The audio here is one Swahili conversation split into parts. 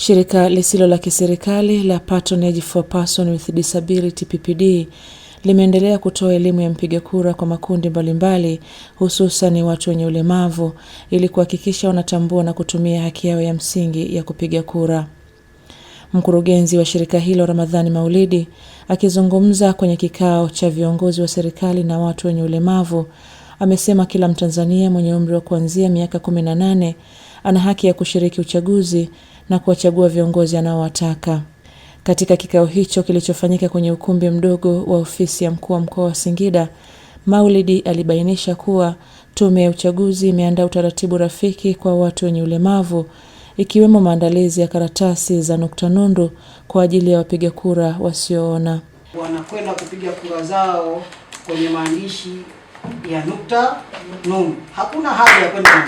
Shirika lisilo la kiserikali la Patronage for Person with Disability PPD limeendelea kutoa elimu ya mpiga kura kwa makundi mbalimbali hususan watu wenye ulemavu ili kuhakikisha wanatambua na kutumia haki yao ya msingi ya kupiga kura. Mkurugenzi wa shirika hilo Ramadhani Maulidi akizungumza kwenye kikao cha viongozi wa serikali na watu wenye ulemavu amesema kila Mtanzania mwenye umri wa kuanzia miaka 18 ana haki ya kushiriki uchaguzi na kuwachagua viongozi anaowataka. Katika kikao hicho kilichofanyika kwenye ukumbi mdogo wa ofisi ya mkuu wa mkoa wa Singida, Maulidi alibainisha kuwa tume ya uchaguzi imeandaa utaratibu rafiki kwa watu wenye ulemavu ikiwemo maandalizi ya karatasi za nukta nundu kwa ajili ya wapiga kura wasioona. Wanakwenda kupiga kura zao kwenye maandishi ya nukta nundu. Hakuna haja ya kwenda na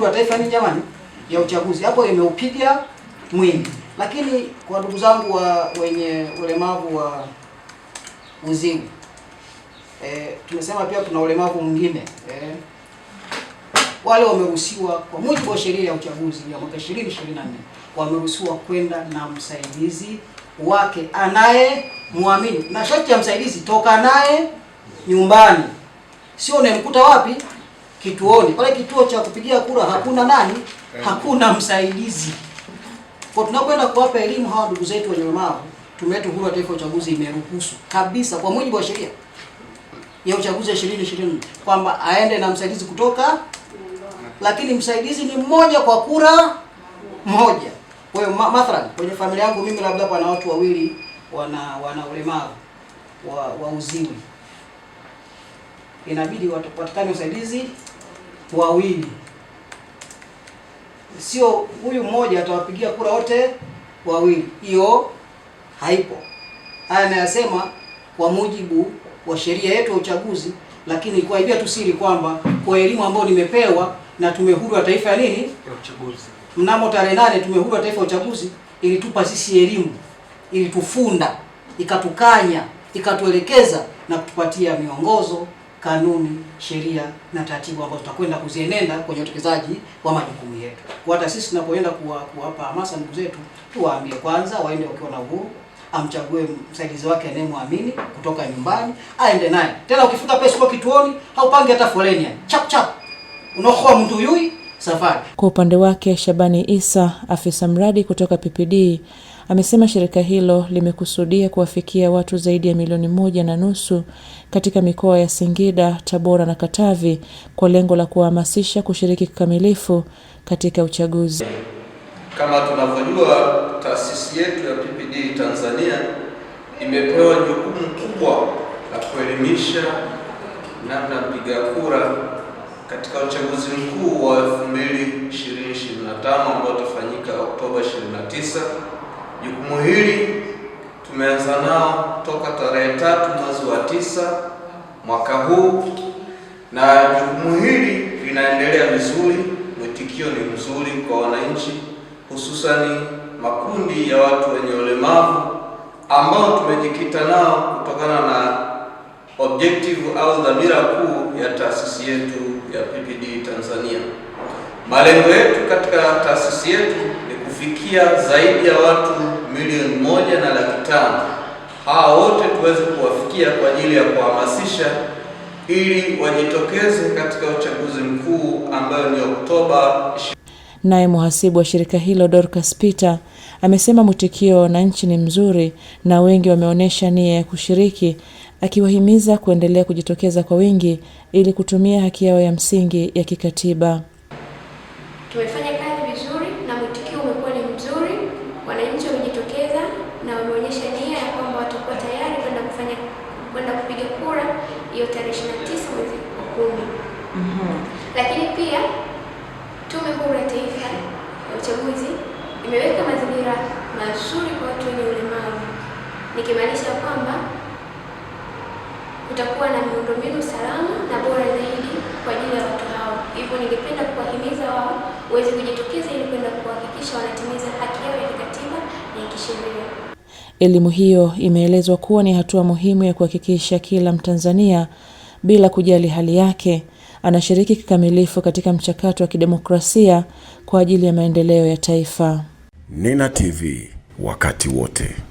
Bunge wa Taifa ni jamani ya uchaguzi hapo imeupiga mwingi. Lakini kwa ndugu zangu wa wenye ulemavu wa uziwi e, tumesema pia kuna ulemavu mwingine e, wale wameruhusiwa kwa mujibu wa sheria ya uchaguzi ya mwaka 2024 wameruhusiwa kwenda na msaidizi wake anaye muamini, na sharti ya msaidizi toka naye nyumbani, sio unemkuta wapi kituoni pale, kituo cha kupigia kura hakuna nani, eh. hakuna msaidizi. Kwa tunakwenda kuwapa elimu hawa ndugu zetu wenye ulemavu. Tume yetu huru ya Taifa Uchaguzi imeruhusu kabisa kwa mujibu wa sheria ya uchaguzi 2020 kwamba aende na msaidizi kutoka, lakini msaidizi ni mmoja kwa kura moja. Kwa hiyo mathalan kwenye familia yangu mimi labda pana watu wawili wana wana ulemavu wa, wa uziwi, inabidi wapatikane usaidizi wawili, sio huyu mmoja atawapigia kura wote wawili. Hiyo haipo. Haya anayasema kwa mujibu wa sheria yetu ya uchaguzi, lakini kuaibia tu siri kwamba kwa elimu ambayo nimepewa na Tume Huru ya Taifa ya nini ya uchaguzi, mnamo tarehe nane Tume Huru ya Taifa ya Uchaguzi ilitupa sisi elimu, ilitufunda, ikatukanya, ikatuelekeza na kutupatia miongozo kanuni, sheria na taratibu ambazo tutakwenda kuzienenda kwenye utekelezaji wa majukumu yetu. Kwa hata sisi tunapoenda kuwapa kuwa hamasa ndugu zetu, tuwaambie kwanza waende wakiwa na uhuru, amchague msaidizi wake anayemwamini kutoka nyumbani, aende naye. Tena ukifuta pesa kituoni, haupange hata foleni, chap chap, unaokoa mtu yui safari. Kwa upande wake, Shabani Isa, afisa mradi kutoka PPD, amesema shirika hilo limekusudia kuwafikia watu zaidi ya milioni moja na nusu katika mikoa ya Singida, Tabora na Katavi kwa lengo la kuwahamasisha kushiriki kikamilifu katika uchaguzi. Kama tunavyojua, taasisi yetu ya PPD Tanzania imepewa jukumu kubwa la kuelimisha namna mpiga kura katika uchaguzi mkuu wa 2025 ambao utafanyika Oktoba 29. Jukumu hili tumeanza nao toka tarehe tatu mwezi wa tisa mwaka huu, na jukumu hili linaendelea vizuri. Mwitikio ni mzuri kwa wananchi, hususani makundi ya watu wenye ulemavu ambao tumejikita nao kutokana na objective au dhamira kuu ya taasisi yetu ya PPD Tanzania. Malengo yetu katika taasisi yetu ni kufikia zaidi ya watu milioni moja na laki tano. Hawa wote tuweze kuwafikia kwa ajili ya kuhamasisha ili wajitokeze katika uchaguzi mkuu ambayo ni Oktoba. Naye muhasibu wa shirika hilo Dorcas Peter amesema mwitikio wa wananchi ni mzuri na wengi wameonyesha nia ya kushiriki akiwahimiza kuendelea kujitokeza kwa wingi ili kutumia haki yao ya msingi ya kikatiba. Tumefanya kazi vizuri na mwitikio umekuwa ni mzuri, wananchi wamejitokeza na wameonyesha nia ya kwamba watakuwa tayari kwenda kufanya kwenda kupiga kura hiyo tarehe 29 mwezi wa kumi. Mm-hmm. Lakini pia Tume Huru ya Taifa ya Uchaguzi imeweka mazingira mazuri kwa watu wenye ulemavu, nikimaanisha kwamba kutakuwa na miundombinu salama na bora zaidi kwa ajili ya watu hao. Hivyo ningependa kuwahimiza wao waweze kujitokeza ili kwenda kuhakikisha wanatimiza haki yao ya kikatiba na ya kisheria. Elimu hiyo imeelezwa kuwa ni hatua muhimu ya kuhakikisha kila Mtanzania bila kujali hali yake anashiriki kikamilifu katika mchakato wa kidemokrasia kwa ajili ya maendeleo ya taifa. Nina TV wakati wote.